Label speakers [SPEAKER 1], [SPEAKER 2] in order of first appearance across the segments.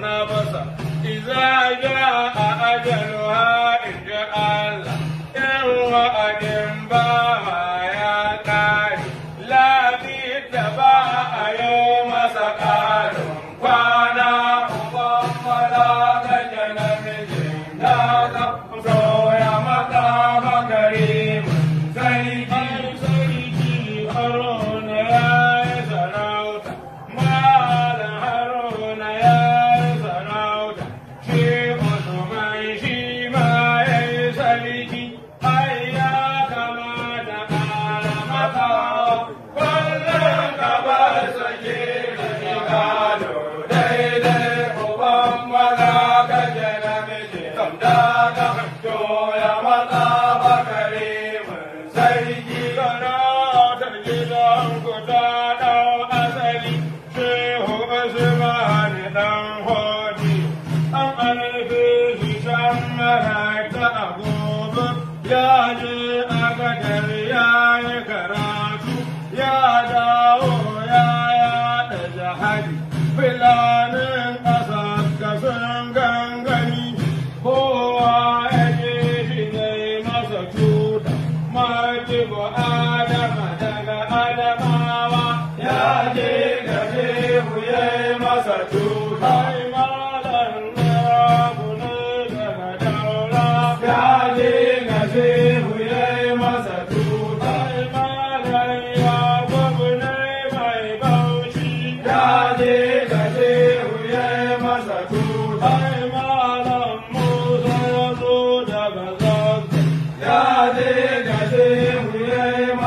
[SPEAKER 1] na basa iza ja a ajaluha inda Allah in wa'adin ba ma ya kari lafi da ba a yau masa karin kwana uban fara ta janar jin ya je agadar ya yi karatu ya dawo ya yaɗa jihadi filanin ƙasar kasan gangani kowa ya je shi masa cuta majibu adama daga adamawa ya je gaje ku ya yi masa cuta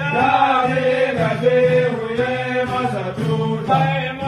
[SPEAKER 1] Yahweh, Yahweh, Yahweh, Yahweh, Yahweh, Yahweh,